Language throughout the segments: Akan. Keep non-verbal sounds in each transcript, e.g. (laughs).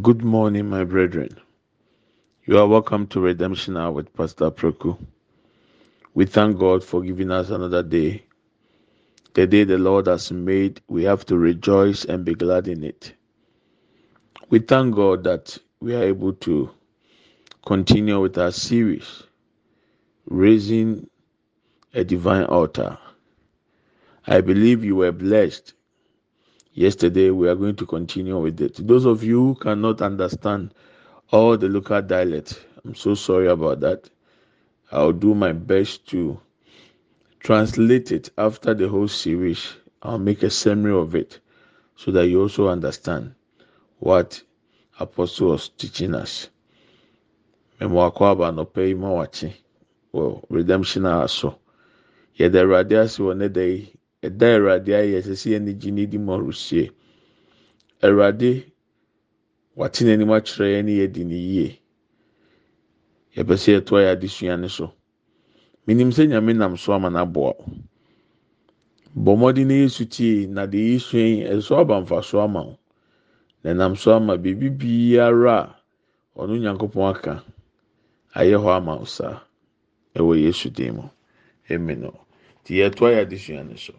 Good morning, my brethren. You are welcome to Redemption Hour with Pastor Proku. We thank God for giving us another day. The day the Lord has made, we have to rejoice and be glad in it. We thank God that we are able to continue with our series, Raising a Divine Altar. I believe you were blessed Yesterday, we are going to continue with it. Those of you who cannot understand all the local dialect, I'm so sorry about that. I'll do my best to translate it after the whole series. I'll make a summary of it so that you also understand what Apostle was teaching us. Well, redemption also. Yeah, the radius will day. ɛda awurade ayɛ ɛsɛ sɛ yɛn gye ne di ma ɔrehyɛ awurade wate n'anim akyerɛ yɛn ne yɛdi ne yie yɛpɛ sɛ yɛto ayɛ adesua ne so menim sɛ nyame nam so ama no aboa wo bɔ mmɔden no yesu tie na de yesu yi ɛso aba mfa so ama wo na nam so ama biribi biara a ɔno nyankopɔn aka ayɛ hɔ ama wo saa ɛwɔ yesu din mu amen nti yɛto ayɛ adesua ne so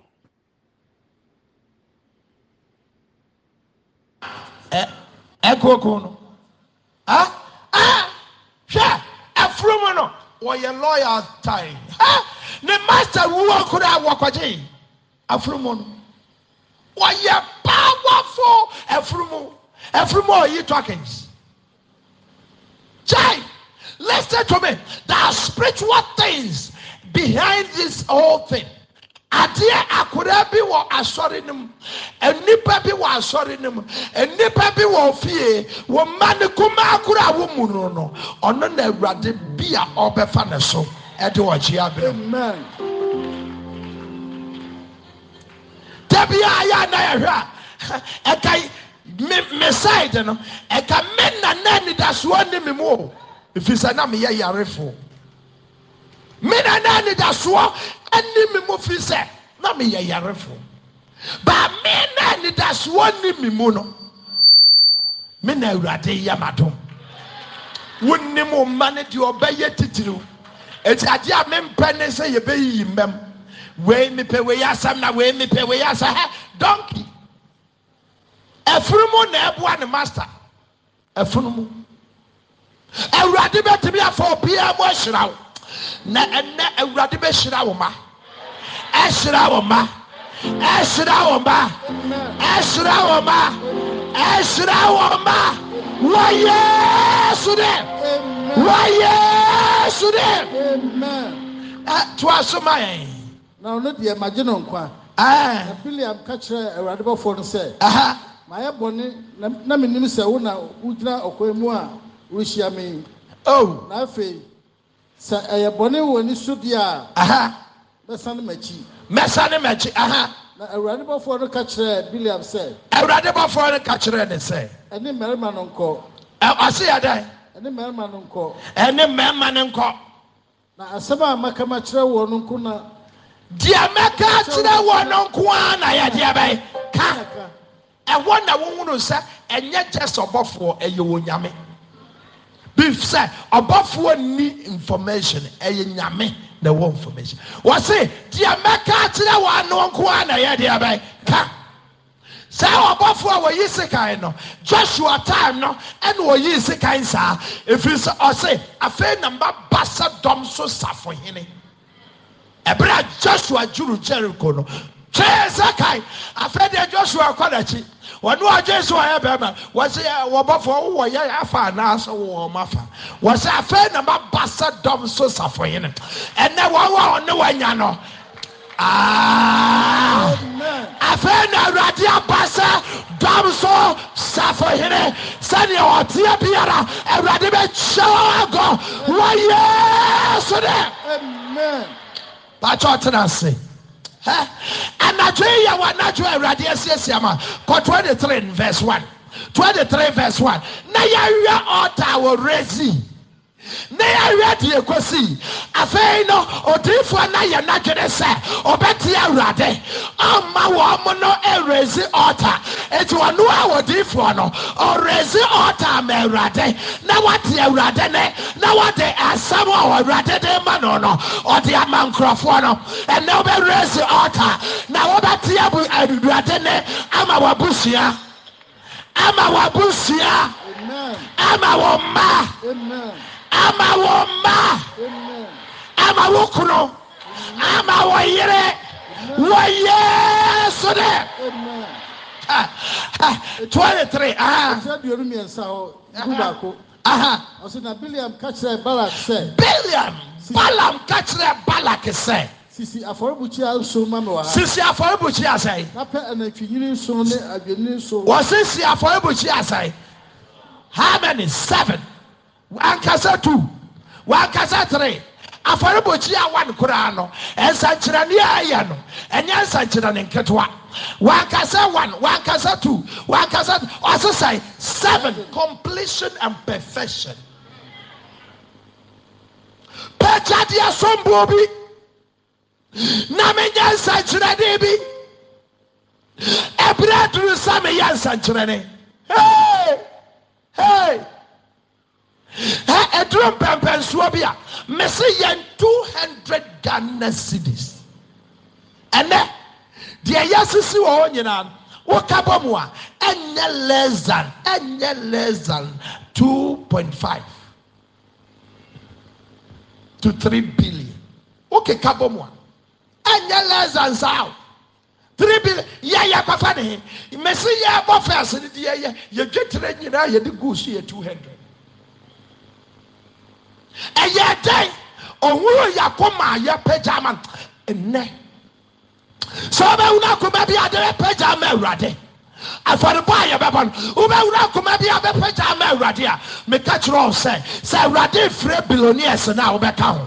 ɛkooku nohwɛ afuromu no ɔyɛ loyel ti ne master woɔkono a wɔkwagyei afromu no ɔyɛ poweful afrumu afrumu a ɔyi tockings kyɛe listonto me tha spiritual things behind this whole thing adeɛ akwadaa bi wɔ asɔre no mu nnipa bi wɔ asɔre no mu nnipa bi wɔ fie wɔn mma ne kumaa koro a wɔmu no no ɔno na awurade bi a ɔbɛfa ne so ɛde ɔgye abɛn dabi a yɛ anan yɛhwɛ a (laughs) ɛka me me side no ɛka me nana anidasoɔ ne me mu o efisɛ na me yɛ yarefo mena na anidasoɔ ɛne me mu fi sɛ na meyɛ yarefo baa me na anidasoɔ ni me no mena na awurade yɛ m'adom wonnim wo mma no deɛ ɔbɛyɛ titiriw ɛti adeɛ a mempɛ ne sɛ yɛbɛyiyi mmam wei mepɛ wei asɛm na wei mepɛ wei asɛ hɛ donkey ɛfunumu na ɛboa ne master ɛfunumu awurade bɛtumi afɔ obiara mu ahyira wo na ɛnɛ awurade bɛhyira wo ma ɛhyira wo ma ɛhyira wo ma ɛhyira wo ma ɛhyira wo ma wɔ yesu de wɔ yesu de ɛ to aso ma yɛn. na ɔno deɛ magye no nkwa. ɛɛ ka kyerɛ awurade bɔfoɔ no sɛ. mayɛ bɔne na menim sɛ wo na wogyina ɔkwan mu a worehyia me. Oh. na afei sɛ ɛyɛ bɔnne wɔ ni so a. aha. bɛsa ne m'akyi. mɛsa m'akyi aha. na awurade bɔfoɔ no ka kyerɛ biliam sɛ. awurade bɔfoɔ no ka kyerɛ ne sɛ. ɛne mmarima no nkɔ. ɛ yɛ dɛ. ɛne mmarima no nkɔ. ɛne mmarima no nkɔ. na asɛm a maka ma kyerɛ wɔn no nko na. deɛ mɛka kyerɛ wɔn no nko ara na yɛ deɛ ka ɛwɔ na wɔn sɛ ɛnyɛ gyesɛ ɔbɔfoɔ ɛyɛ wɔn nyame. bifsɛ ɔbɔfoɔ nni information ɛyɛ nyame na wɔ information wɔ se deɛ mɛka tyerɛ wɔanoɔ nkowaa na yɛ deɛ bɛ ka sɛ ɔbɔfoɔ a wɔyi sekan no josua time no ɛne ɔyii sekan saa ɛfiri sɛ ɔse afei na mmabasa dɔm so safo hene ɛberɛ a josua juru kyereko no kyɛe sɛ kae afɛi deɛ josua kɔnakyi wɔne ɔgyen sɛ wɔyɛ bɛima wɔ sɛɛwɔbɔfowowɔyɛ afa anaasɛ wowɔma afa wɔ sɛ afei na maba sɛ dɔm so safohene ɛnɛ wɔwɔo ne wɔanya no afei na awurade aba sɛ dɔm so safohene sɛnea ɔteɛ biara awurade bɛkyɛw agɔ wɔyɛ so dɛ baakyɛ ɔtena ase And Nigeria yɛ Nigeria Radio awurade asiesie ama kɔ twenty three verse one. 23 verse one na yɛawie altar wɔ ne yɛawerɛ de yɛkɔsii afei no odiyifoɔ na yɛ n'adwene sɛ ɔbɛte awurade ɔmma wɔ m no ɛwerɛsi ɔta enti ɔno a wɔdiyifoɔ no ɔwerɛsi ɔta ma awurade na wɔte awurade ne na wɔde asɛm a awurade de ma no no ɔde ama nkurɔfoɔ no ɛnɛ wobɛwerɛsi ɔta na wobɛte abu awurade ne ama wabusua ama wabusua ama wɔ mma ama wɔ mma ama wo kono ama wɔ yere wɔ yee so dɛ23 biliambalam ka kyerɛ balak sɛsisi afɔre boasɛeɔsesi afɔre bukiasɛe mn 7 wankasa two wankasa three afɔrebɔkyi a wan koraa no nsɛnkyerɛnne a ɛyɛ no ɛnyɛ nsɛnkyerɛnne nketewa wankasa one wankasa two wankasa ɔsesae seven completion and perfection pɛgyadeɛ sombo bi na menyɛ nsɛnkyerɛnne bi hey hey ɛduro mpɛmpɛnsoɔ bi Swabia. mese yɛn 200 ghana cities ɛnɛ deɛ yɛasisi wɔ hɔ nyinaa woka bɔ mu a ɛnyɛ less than ɛnyɛ less than 2.5 to 3 billion Okay, bɔ mu a less than saa o 3 billion yɛyɛ kɔfa ne he mese yɛbɔ fɛs no deɛ yɛ yɛdwetire nyinaa yɛde gu so yɛ 200 ɛyɛ dɛn ɔhuru yako maa yɛ pagya ama nnɛ sɛ wobɛwuna akoma bi ade bɛpagya ama awurade afɔrebɔ a yɛbɛbɔ no wobɛwura akoma bi abɛpagya ama awurade a meka kyerɛ wo sɛ sɛ awurade mfirɛ biloniɛs no a wobɛka ho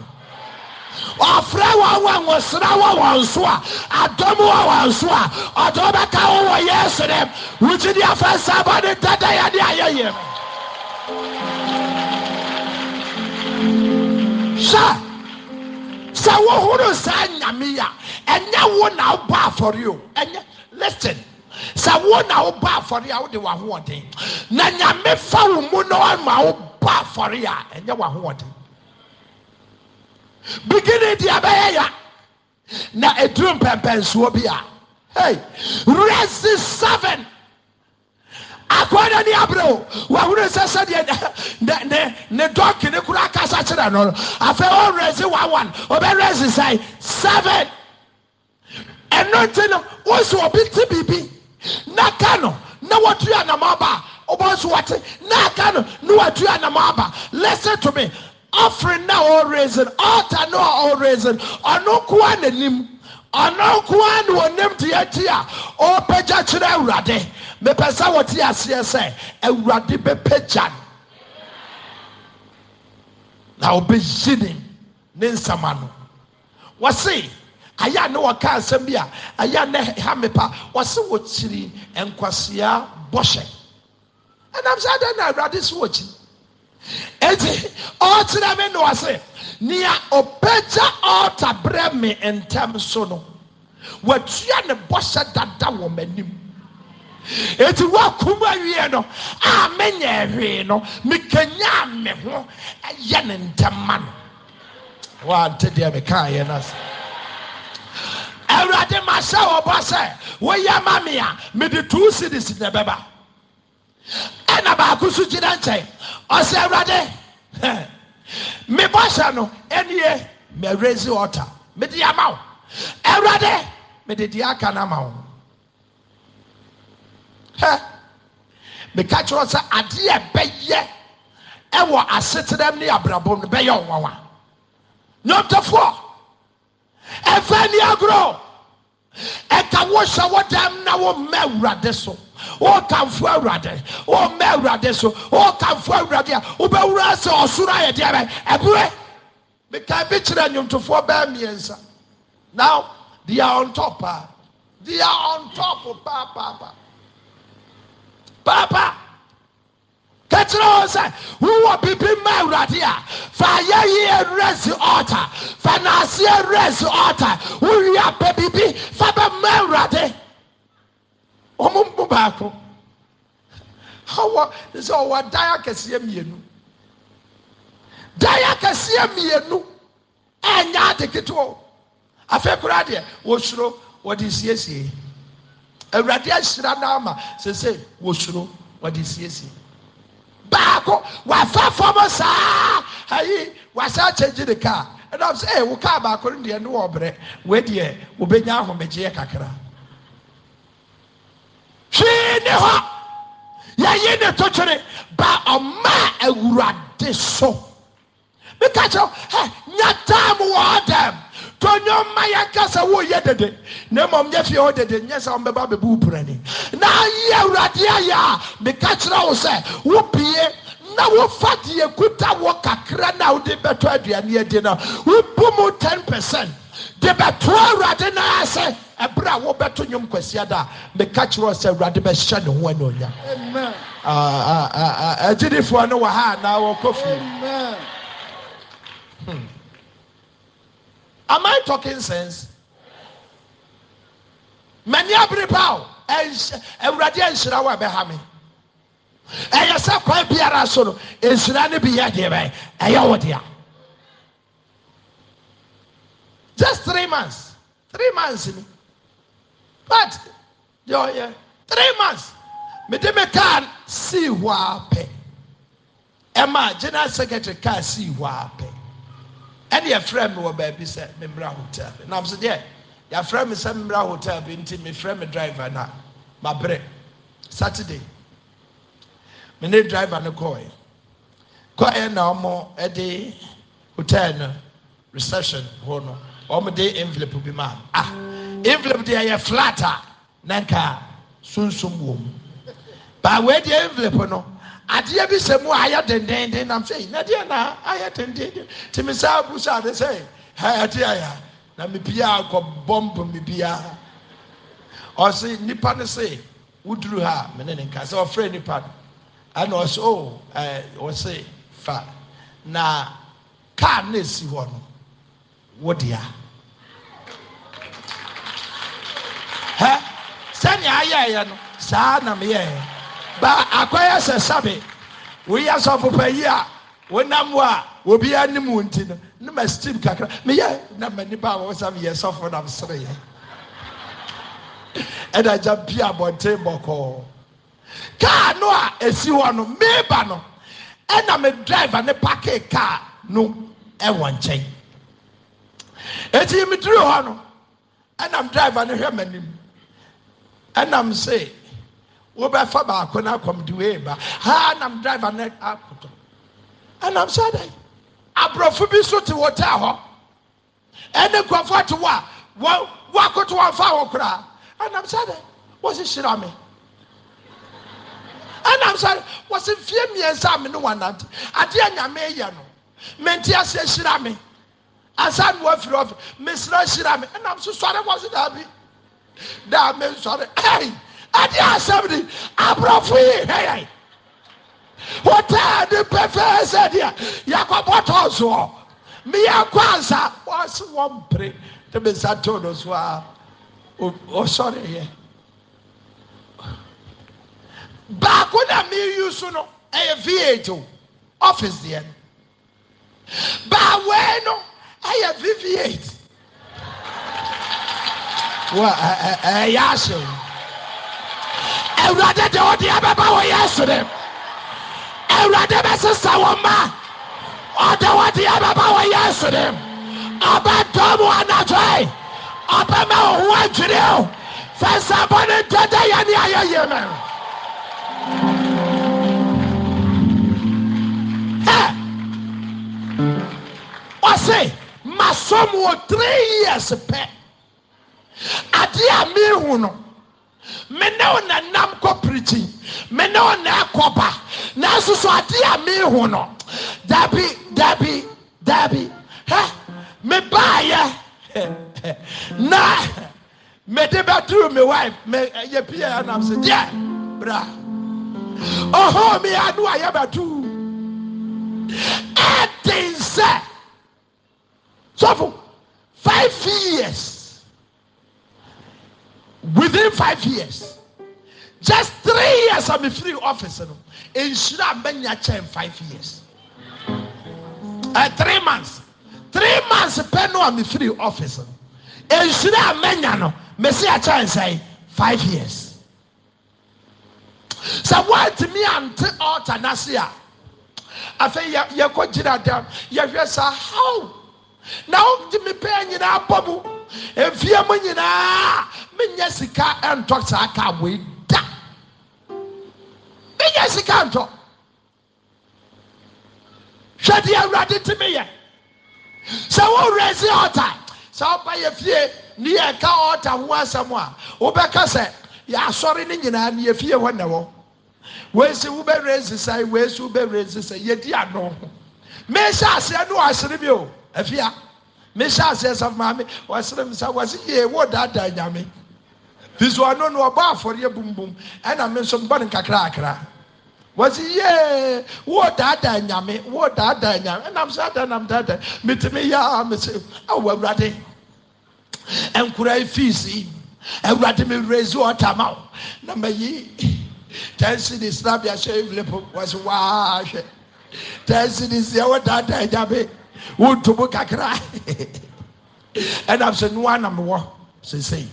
ɔfrɛ wɔn wɔ nwosra wɔ wɔn so a adɔm wɔ wɔn so a ɔdɔ bɛka wo wɔ yesu dɛm wogyidi afa nsabɔ ne dada yɛde ayɛyɛ no sɛ sɛ wo horo saa nyame ya ɛnyɛ wo na wobaa afɔre o ɛnyɛ liston sɛ wo na wo baa afɔre a wode wahowɔ den na nyamefa wo mu no ɔma wobaa afɔre a ɛnyɛ wahowɔ den biginnin dea bɛyɛ yɛ na adurom pɛnpɛnsoɔ bi a ei werɛsi seven akoa na ni abrɛ o wahunu sɛ sɛdeɛ ne ne ne dɔɔki ne kura akasa kyerɛ no no afɛ ɔrɛsi one one ɔbɛrɛsi sɛn seven ɛno nti no wosi obi ti biribi n'aka no na wɔtu anamɔ ba ɔbɔ nso wɔte na kano na wɔtu anamɔ ba listen to me offering na ɔrɛsi altar na ɔrɛsi ɔno kua n'anim. ɔno nko ara na onim deɛ akyi a ɔrepagya kyerɛ awurade mepɛ sɛ wɔte aseɛ sɛ awurade bɛpagya no na ɔbɛyi ne ne nsɛma no wɔse ayɛ a ne wɔka asɛm bi a ayɛ a ne ha mepa wɔse wɔkyiri nkwasea bɔhyɛ ɛnam sɛ adɛn na awurade so wɔkyi enti ɔkyerɛ oh, me ne wɔse nea ɔbɛgya ɔlta berɛ me ntɛm so no watua ne bɔhyɛ dada wɔ m'anim enti woakom awie no a menyɛ ɛhwee no mekanyaa me ho yɛ ne ntɛm ma no wɔa ntedeɛ mekaa yɛ no sɛ awurade mahyɛ wɔbɔ sɛ woyɛ ma me a mede too si ne si ne ɛbɛba ɛnna baako so gyina nkyɛn ɔsɛ awurade me bɔhyɛ no raise water me di ama wo ɛwurade mede di aka na ama wo hɛ meka kyerɛ sɛ adeɛ bɛyɛ ɛwɔ asetenam ne abrabɔ no bɛyɛ ɔnwanwa nyɔntafoɔ ɛfɛ ni agorɔ ɛka wohyɛ wɔ dɛm na wo mma awurade so wokamfo awurade womma awurade so wokamfo awurade a wobɛwura sɛ ɔsoro ayɛ deɛ bɛ ɛberɛ mekae bi kyerɛ nnwomtofoɔ bɛɛ mmiɛnsa now they are on top ah. they are on top paapaapa oh, paapa kẹtìrẹ wọn sẹ wúwọ bíbí mma awurade a fà yẹ yíyẹ rẹsì ọta fà nàásìẹ rẹsì ọta wúwìí apẹ bíbí fà bẹ mma awurade. ɔmomo baako wɔ sɛ ɔwɔ dan akɛseɛ mmienu dan akɛseɛ mmienu nya ade ketewɔo afei koraa deɛ wɔsuro wɔde siesie awurade ahyira nama sɛ se wɔsuro wɔde siesie baako wafa famɔ saa ayi wasa kyɛ gye re ka a nam sɛ wokaa baako no deɛ ne wɔbrɛ wadeɛ wɔbɛnya ahɔmegyeɛ kakraa twii ne hɔ yɛye ne totwere ba ɔmaa awurade so meka kyerɛ h nya taim wɔɔdɛm tɔnwom ma yɛnka sɛ woeyɛ dede ne mmɔm yɛ fie hɔ dede nyɛ sɛ wɔmbɛba bɛbi wo burane na yɛ awurade ayɛ a meka kyerɛ wo sɛ wo bie na wofa de ɛguta wɔ kakra na wode bɛtɔ aduaneɛde no wobo mu 10 percent de bɛto awurade no ase ɛberɛ a wobɛto nwom kwasiada a meka kyerɛ sɛ awurade bɛhyɛ ne ho anuonyam ah, ah, ah, agyidifoɔ no wɔ ha anaa wɔkɔ fie hmm. Am I talking sense? Many abri pao. Awurade nhyira wo ɛbɛha me. Ɛyɛ sɛ kwan biara so no, nhyira no bi yɛ deɛ bɛyɛ. Ɛyɛ wo dea. Just three months. Three months. But, yo, yeah, three months. Me de can see wape. Emma, General Secretary can see wape. And your friend will be said, Membra Hotel. And I'm saying, yeah, your friend is Membra Hotel, binti, me friend, me driver now. My break. Saturday. Me need driver no koi. Koi na omo, Eddie hotel no, reception, hono wɔmde envelope bi ma ah envelope deɛ ya flat a na nka sunsun wɔ mu baawɛ deɛ envelope no adeɛ bi sɛ mu a ayɛ dendenden na deɛ na ayɛ dendenden tìmi sɛ abu sɛ ade sɛ ha ɛte ayɛ na mi bia akɔ bɔmpo mi bia ɔsi nipa no sɛ wuduru ha mene ne nka sɛ ɔfrɛ nipa no ɛna ɔsi o oh, ɛɛ ɔsi fa na kaa no esi hɔ wodea hɛ sɛnea ayɛɛyɛ no saa na meyɛɛ ba akɔyɛ sɛ sabe woyɛ sɔfopa yi a wonam wo a obiara nim wo nti no ne ma steam kakra meyɛ na ma nipa a wɔsa meyɛ sɔfo nam sereyɛ ɛna gya e bia abɔnten bɔkɔɔ kaa no a esi hɔ no meeba no ɛna e me driver ne pake kaa no ɛwɔ e nkyɛn ɛnti imduruu hɔ no ɛnam driver ne hwɛ manim ɛnam sɛ wobɛfa baako ne akɔmde weeba haa nam driver ne akodɔ anam sɛ dɛ aborɔfo bi so te wɔta hɔ ɛne nkrɔfoɔ te wo a woakoto wɔmfaa wɔ koraa anam sɛ dɛ wɔse hyira me anam sɛ de wɔse fie mmiɛnsaa me ne woanamti adea nyame ayɛ no mente ase hyira me asanu afiri ɔfi mesra hyira mi ɛnam so sɔre wɔ so daabi daa me nsɔre ɛyi ɛdi asɛm ni aborɔfo yi hɛyɛ hotel ni pɛfɛɛ sɛ deɛ yakɔbɔ tɔɔsoɔ miyɛ kɔ ansa wɔsi wɔn pere te nsa to no so a ɔsɔre yɛ baako na mi yi so no ɛyɛ v8 o ɔfis deɛ no baawɛɛ no. ɛyɛ vv8 wa ɛyɛ ahyew awurade de ɔde abɛba wɔ yesu dem awurade bɛsesa wɔn mma ɔde ɔde abɛba wɔ yesu dem ɔbɛdɔm wɔ anadwoe adwiri o fɛnsɛbɔ ne dɛdɛ yɛ ne ayɛyɛ mɛ ɛ ɔse. somɔ 3r yeas pɛ ade a mehu no mene wo na nam kɔprikyi mene w na ɛkɔ ba nanso so ade a mehu no dabi dabi dabi mebaayɛ (laughs) na mede batuu me wif meyɛ eh, piea nam sɛ deɛ bra ohoo meɛado ayɛ batuu ɛten sɛ sọfọ five years within five years just three years i'm a free office no nsira mbɛnya in five years uh, three months three months pɛ I'm a free office no nsira mbɛnya no mbɛsi akyɛn say five years sɛ wɔntumi ante altar n'ase a afei yɛ yɛ kɔ gyina dɛm yɛhwɛ sa how. na wogye me pɛɛ nyinaa bɔ mu ɛmfie mu nyinaa menyɛ sika ɛntɔ saa ka wei da menyɛ sika ntɔ hwɛ deɛ awurade te meyɛ sɛ worɛsi ɔta sɛ woba yɛ fie ne yɛka ɔta ho asɛm a wobɛka sɛ yɛasɔre no nyinaa ne yɛfie hɔ ne wɔ wesi wobɛwerɛ nsisae wesi wobɛwerɛ nsisɛ yɛdi ano ho mehyɛ aseɛ ne wɔ asere bi o afia mesɛse safoma me ɔsrem sa wɔse yɛe wɔdada nyame fisoano no bɔ afɔreɛ bombom ɛnam so bɔne nkakraakra wasy w dada nyame wdad nyame ɛna sɛdnadada metmyɛms wrade nkoa fees awade mewɛsiɔtama namayi tanseni snabiasɛvlep wswɔhwɛ tansen sɛ wdada nyame Who to book a car? And I've said, one number one. Say, say.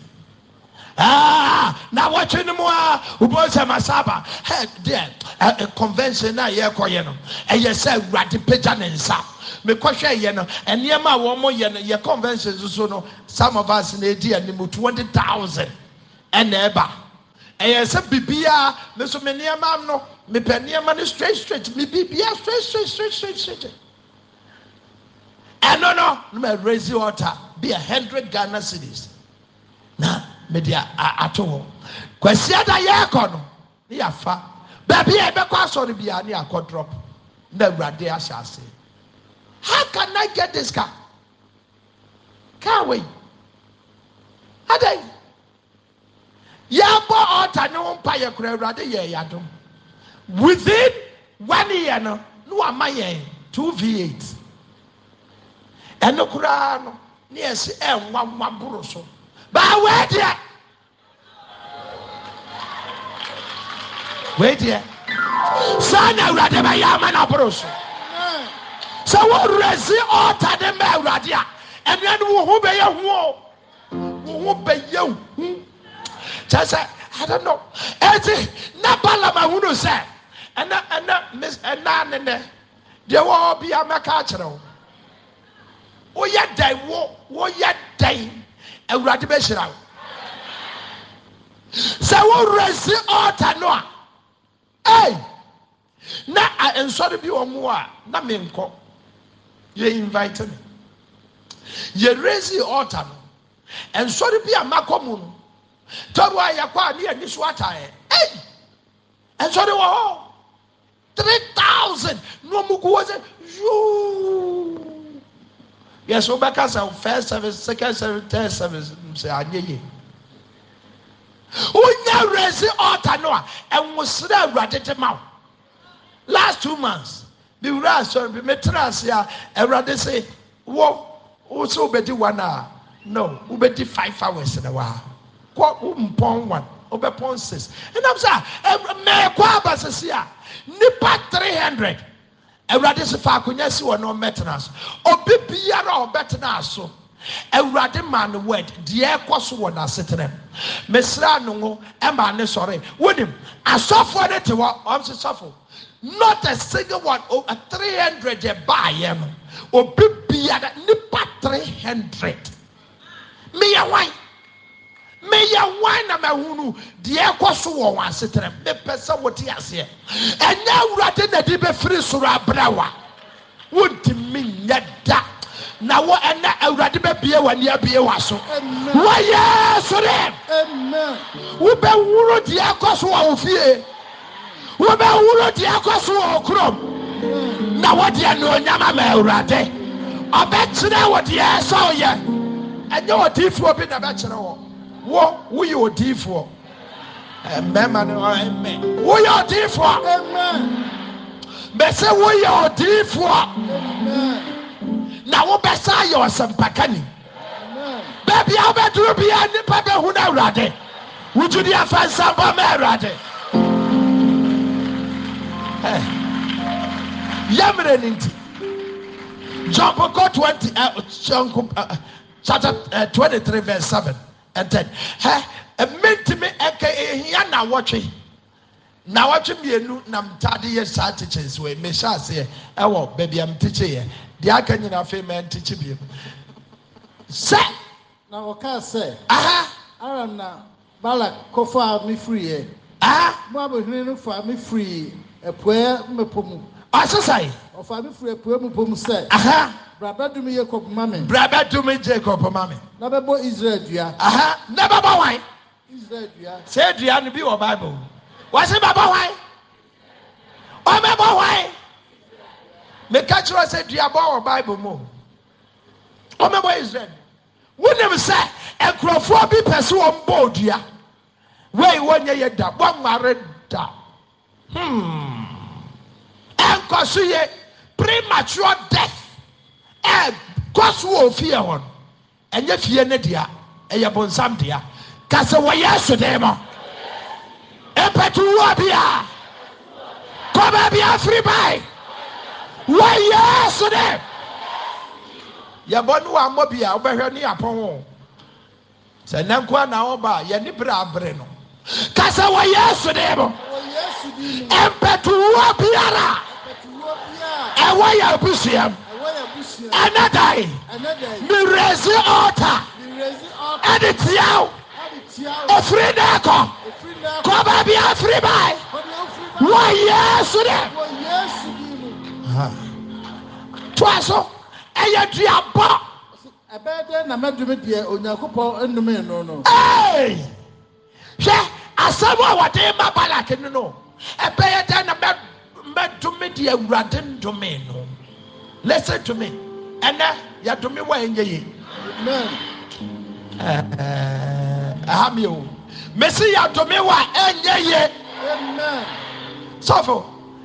Ah, now watch more? Who bought a saba? Head there. A convention. I hear Koyeno. And you said, Ratty Pigeon and Sap. Me question, you know. And near my one more year, your convention So Some of us in a dear name 20,000. And ever. And you said, Bibia, Mr. Menia no. Me penny a money straight, straight. Me Bibia straight, straight, straight, straight, straight. ɛno no na ma raise water Be a hundred ghana cities na mede ato hɔ kwasi ada yɛrekɔ no ne yɛafa baabi a yɛbɛkɔ asɔre bia ne yɛakɔ drop na awurade ahyɛ ase how can i get this car car wei adan yɛabɔ ɔta ne ho mpa yɛ kora awurade yɛ yɛadom within one year no no wama yɛn two v eight ɛno koraa no ne yɛsi ɛnwanwa boro so baawa deɛ wei deɛ saa na awurade bɛyɛ ama na boro so sɛ wɔwura si de mɛ awurade a ɛnua no wo ho bɛyɛ ho o wo ho bɛyɛ ho kyɛ sɛ I don't know ɛti na balam ahunu sɛ ɛna ɛna ɛna nenɛ deɛ wɔwɔ bi a mɛka akyerɛ o. woyɛ dɛn woyɛ dɛn awurade bɛhyirɛw sɛ wowerɛsi olta no a na a nsɔre bi ɔ mo a na menkɔ yɛ invitɛ me yɛwuresi ɔlta no nsɔre bi a mmakɔ mu no tɔro a yɛkɔ a ne yɛni so ataɛ ei nsɔre wɔ hɔ 3000 no ɔmugu wo sɛ yes wobɛkasa oh, first service second service third service sɛ anyɛ yie wonya wurɛsi ɔta no a ɛnwosere awurade de ma wo last two months bi wura asɔre bi metena ase a awurade se wɔ wosɛ wobɛdi one hour no wobɛdi five hours na wa kɔ wompɔn one wobɛpɔn six ɛnam sɛ eh, mɛɛkɔ abasisi a nipa three hundred awurade so faakonya si wɔ no so obi biara a ɔbɛtena so awurade ma no word deɛ ɛkɔ so wɔ n'asetena mu mesra no ho ɛma ne sɔre wonim asɔfoɔ no te hɔ ɔm se sɔfo not a single one o three hundred yɛ baayɛ no obi biara nipa three hundred meyɛ wan meyɛ wan na mahunu deɛ ɛkɔ so wɔ wɔn asetena mu mepɛ sɛ wote aseɛ ɛnyɛ awurade na de bɛfiri soro abrɛwa wontumi nyɛ da na wo ɛnɛ awurade bɛbie wɔ ne abie wɔ so wɔyɛ sore wobɛworo deɛ ɛkɔ so wɔ wo fie wobɛworo deɛ ɛkɔ so wɔ wo kurom na wɔdeɛ no onyama ma awurade ɔbɛkyerɛ wɔ deɛ ɛsɛ woyɛ ɛnyɛ ɔdiifoɔ bi na bɛkyerɛ wɔ woyɛ ifoɔfo mɛ sɛ woyɛ odiifoɔ na wobɛsa yɛ ɔsɛmpa ka ni bɛbia wobɛdoro bia nipa bɛhuno awrade woudiafa nsampa ma awrae amɛn nti jn bkc 23 v7 ɛtɛn hɛ ɛmɛntumi ɛkɛ ehia nawɔtwe nawɔtwe mmienu nam ntaade yɛ saa tikyin so ɛmɛ hyɛ aseɛ ɛwɔ beebi ɛm tikyin yɛ deɛ aka nyina afei mɛ ntikyin bi mu sɛ. na wɔkaa sɛ. aha. aram na balak kɔfɔ a mi firi yɛ. aha. mu abɛhwene no fa mi firi ɛpoɛ mmepɔ mu. ɔsesae. ɔfa mi firi ɛpoɛ mmepɔ mu sɛ. aha. ɛɛome jkpmamna bɛbɔ hɔn sɛ dua no bi wɔ bible ɔ se bɛbɔ h ɔmɛbɔ hɔ meka kyerɛwɔ sɛ duabɔɔ wɔ bible mu ɔmɛbɔ israel wonim sɛ nkurɔfoɔ bi pɛ sɛ wɔmbɔɔdua weiwɔnyɛ yɛ da bɔmware da ɔnkɔ hmm. so yɛ primature deat kɔ so wɔ ɔfiɛ hɔ no ɛnyɛ fie no dea ɛyɛ bo nsam dea ka sɛ wɔyɛ sodeɛ mɔ mpɛtuwɔ bia kɔma bia fri bae wɔyɛ sode yɛbɔ ne woammɔ bia wobɛhwɛ ne yɛpɔhoo sɛ nɛnkoana wɔba a yɛne berɛ aberɛ no ka sɛ wɔyɛ sodee mɔ mpɛtuwoɔ biara ɛwɔ yɛabusuam ɛnadae mewerɛsi olta ɛde tiawo ofiri dɛɛkɔ kɔbɛ bia firi bae wɔ ye su dɛ toa so ɛyɛ duambɔ hwɛ asɛm a wɔden mma balake no no ɛbɛyɛ dɛn na mɛdome deɛ awurade ndomee noo listen to me ɛnɛ yɛdome wɔ ɛnyɛ yi ɛha eh, mi o mesi yɛdome wɔ ɛnyɛ yi sɔfo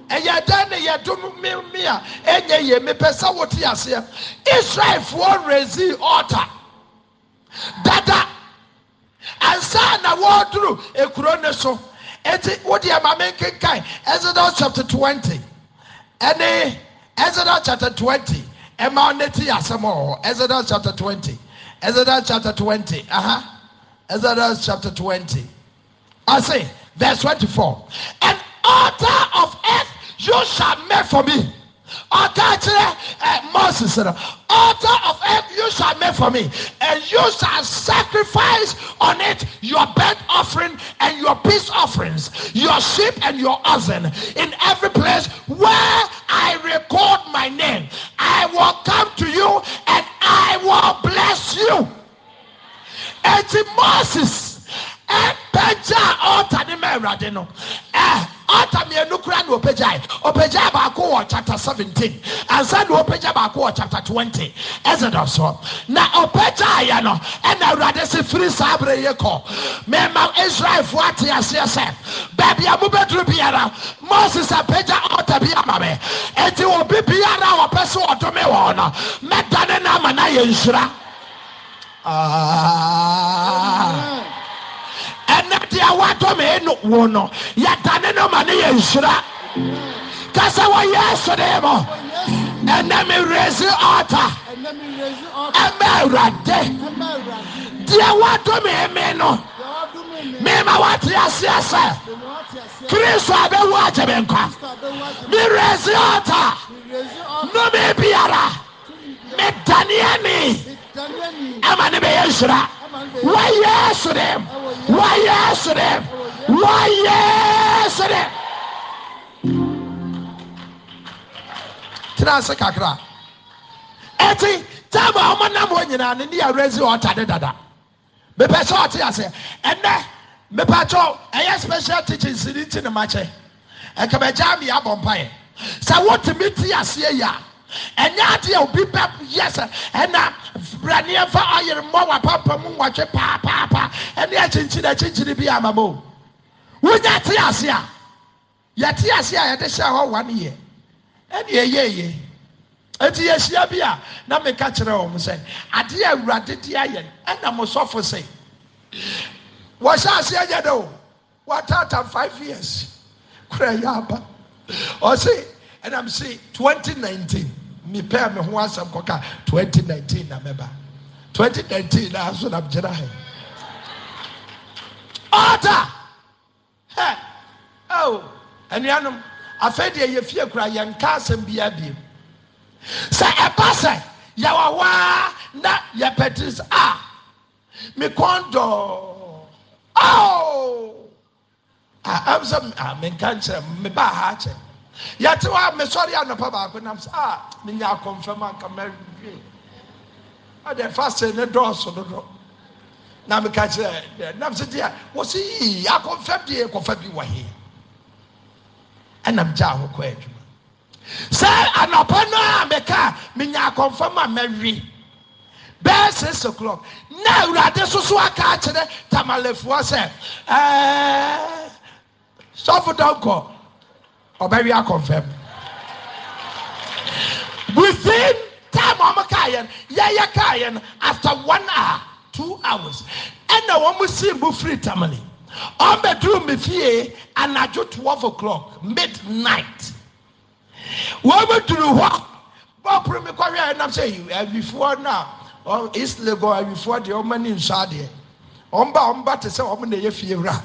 ɛyɛ dɛn ne yɛdome mi a me, yi mepɛ sɛ wote aseɛ israelfoɔ rezi ɔta dada ansa na wɔduru ekuro ne so eti ya maame nkenkan exodus chapter twenty ɛne. Exodus chapter 20. Emma neti asemo. Exodus chapter 20. Exodus chapter 20. Uh-huh. Exodus chapter 20. I say, verse 24. An altar of earth you shall make for me. Altar eh, Moses said, altar of earth you shall make for me and you shall sacrifice on it your burnt offering and your peace offerings your sheep and your oxen in every place where I record my name I will come to you and I will bless you. Eti Moses eh, and altar ne ma awurade taminukora no ɔpgyae opgyaa baako wɔ chapta 1sein ansana opegya baako wɔ chapta 2wnt ɛse dɔ so na opegyayɛ no ɛna awurade se firi saa bere ye kɔ mema israelfoɔ ate aseɛ sɛ baabia mobɛduru biara mosis apegya ɔta bi ama bɛ ɛnti obi biara a ɔpɛ so ɔdome wɔ no mɛda ne noama na yɛ nhyira ɛnɛ deɛ wɔdomee nu wo no yɛdane no ma ne yɛ nhura kɛ sɛ wɔyɛ sedee mɔ ɛnɛ mewerɛzi ɔta ɛma awurade deɛ wɔadomeeme no mema wɔateaseɛ sɛkristo a bɛwu agye bɛnkwa mewurɛsi ɔta nome biara medaneɛne ɛma ne bɛyɛ nhura wɔyɛ sodɛm wɔyɛ sodɛm wɔyɛ sodɛm tena ase kakra ɛti taamu a wɔnam hɔ nyinaa ne ne yɛ rezi ɔta ne dada mepɛ sɛ ɔte ase ɛnɛ mepatɔ ɛyɛ special teaching si ne ti ne ma kyɛ ɛkɛmɛgya mi abɔ mpa yɛ sɛ wotumi ti aseɛ yɛ ɛnyɛ adeɛ obi bɛ yɛ sɛ ɛna braneɛ fa ayere mmɔ wapapa mu nwɔtwe paapaapa ɛne akyinkyiri akyinkyiri bi ama mo wonya te ase a yɛte ase a yɛde hyɛ hɔ one year ɛne ɛyɛ yie eti yɛhyia bi a na meka kyerɛ wɔn sɛ adeɛ awurade de ayɛ ɛna mo sɔfo sɛ wɔhyɛ ase ɛnyɛ de o wɔataata five years kura yɛ aba ɔsi ɛnam si twenty nineteen. mepɛ a me ho asɛm kɔka 2019 na mɛba 2019nasonamgyera h ɔdao anuanom afei deɛ yɛfie kora yɛnka asɛm bia bim sɛ ɛba sɛ yɛwaho a na yɛpɛte s a mekɔn dɔɔ ɛm sɛ menka nkyerɛ mebahaakyɛ yɛtew a mesɔre anɔpa baako nam sɛ a menya akɔmfam aka mawe ɔde fa see ne dɔɔso dodo na meka kyerɛɛ nam sɛ dea wɔ sɛ yi akɔmfam deɛ kɔfa bi wɔ heɛ ɛnam gya ho kɔ adwuma sɛ anɔpa no a mɛkaa menya akɔmfam a mawe bɛɛ 6x 0clock na awurade soso aka kyerɛ tamalefoɔ sɛ sɔfodɔnkɔ maybe I confirm. within time I'm kaayẹ no yeah yeah no after one hour two hours and ẹna wọn see mu free tamale wọn bẹ duru and I do twelve o'clock midnight wọn bẹ duru hɔ bɔpuru mi kɔhwɛ ɛ nam sɛ awifoɔ na east lagos before the wɔn ani nsɔ Omba omba, ba wɔn ba te sɛ wɔn na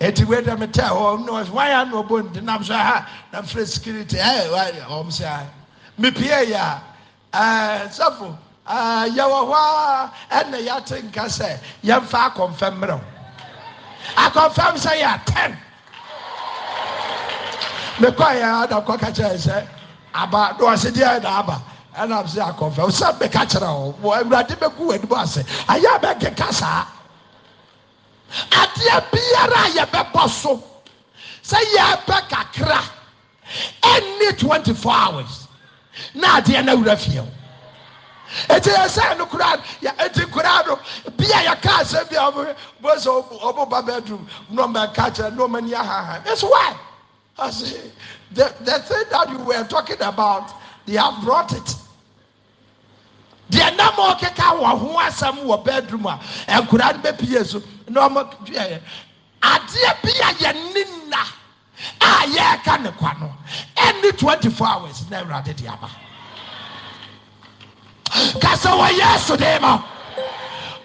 eti weta mete ho ɔm na ɔsɛ waya na ɔbɔ ne nam so ha ah, na fere security ɛɛ waya ɔm sɛ ha mepie ya ɛɛ nsɛfo ya yɛwɔ hɔ a ɛna yɛate nka sɛ yɛmfa akɔnfɛn mmerɛw akɔnfɛn sɛ yɛ atɛn mekɔ yɛ ɔda kɔ kakyɛ yɛ sɛ aba do ɔsɛ deɛ na aba ɛna sɛ akɔnfɛn sɛ meka kyerɛ wɔ wɔ awurade bɛgu wɔ aya ase ayɛ abɛkeka saa adeɛ biara a yɛbɛbɔ so sɛ yɛbɛ kakra ɛnni twenty four hours na adeɛ no awura fie o eti yɛsɛ no koraa yɛ eti koraa no bi a yɛka asɛm bi a ɔmo bɔ sɛ ɔmo ba bedroom na ɔmo nka kyerɛ na ɔmo ahaha it's why i say the the thing that you were talking about they have brought it. deɛ nnama ɔkeka wɔ ho asɛm wɔ badrum a ɛnkora ne bɛpie so n ɔmɔd adeɛ bia yɛne nna a yɛreka nekwa no ɛne 24 ours na awurade deɛ aba ka sɛ wɔ yesudee mɔ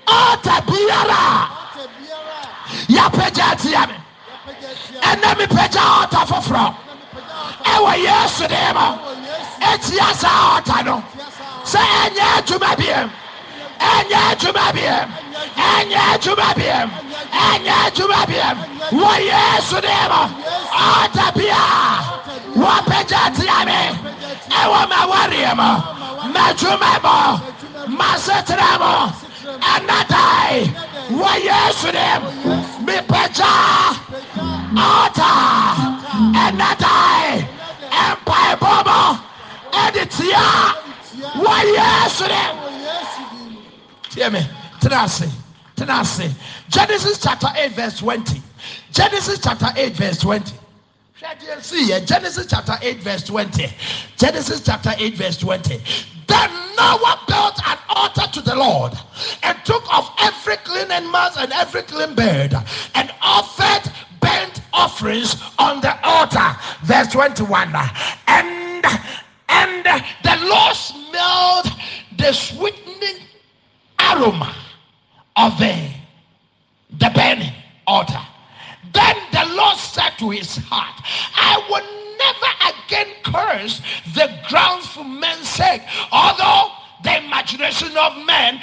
ɔta biaraa yɛpɛgya tia me ɛna mepɛgya ɔta foforɔ ɛwɔ yesude mɔ atia saa ɔta no sɛ ɛ nyɛ kyume biɛ ɛ nyɛ gkyume biɛ ɛ nyɛ gkyume biɛ ɛ nyɛ gkyuma biɛ wɔ yesu nɛɛ mɔ ɔɔta biya wɔ pɛ gya tiya me ɛwɔmɛ wɔ-rɛɛ mɔ mɛ gkyumɛ mɔ masɛterɛ mɔ anadai wɔ yesu ne mi pɛ kya ɔɔta anadai ɛmpai bɔ mɔ ɛdɛ tiya wɔayɛ serɛ tiɛ me tena me. tena ase genesis chapter eight verse twenty genesis chapter eight verse twenty See, genesis chapter eight verse twenty genesis chapter eight verse twenty. Then Noah built an altar to the Lord and took of every clean animal and every clean bird and offered burnt offerings on the altar. Verse 21. And and the Lord smelled the sweetening aroma of the, uh, the burning altar. Then the Lord said to his heart, I will never again curse the ground for men's sake, although the imagination of man,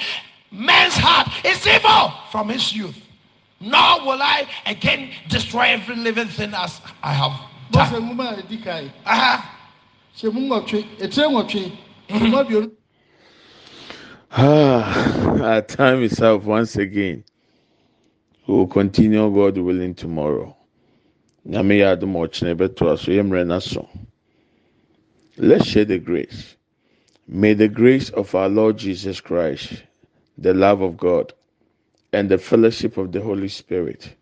man's heart is evil from his youth. Nor will I again destroy every living thing as I have done. Uh-huh ah, our time is up once again. We will continue, God willing, tomorrow. Nyame yɛ adum ɔkyerɛ bɛto aso yɛ mmerɛ n'aso. Let's share the grace. May the grace of our Lord Jesus Christ, the love of God, and the fellowship of the Holy Spirit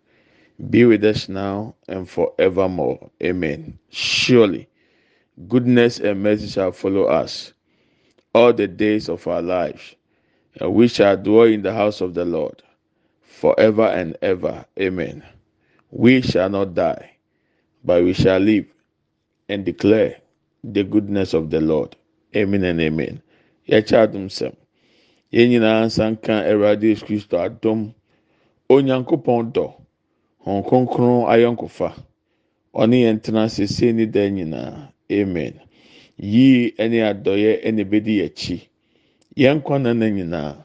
be with us now and forevermore. Amen. Surely goodness and mercy shall follow us all the days of our life, and we shall dwell in the house of the Lord forever and ever. Amen. We shall not die, but we shall live and declare the goodness of the Lord. Amen and amen. Yɛkyɛ adum sɛm. Yɛn nyinaa nsan kan Awurade Yesu Kristo adum. Onyankopɔn dɔ. Hɔn kronkron ayɔnkofa. Ɔne yɛn tena nyinaa. amen yie ɛne adɔyɛ ɛna ebedi akyi yɛn kwan na nyinaa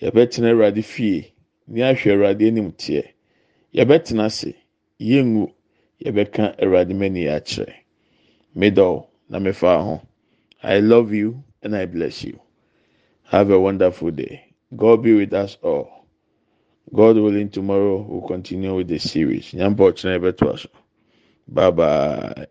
yɛbɛtena awurade fie ne ahwɛ awurade anim teɛ yɛbɛtena ase yɛngu yɛbɛka awurade mani akyerɛ middle na mefa ho i love you and i bless you have a wonderful day god be with us all god willing tomorrow we'll continue with the series nyampa ɔkyerɛ yɛbɛto aso bye bye.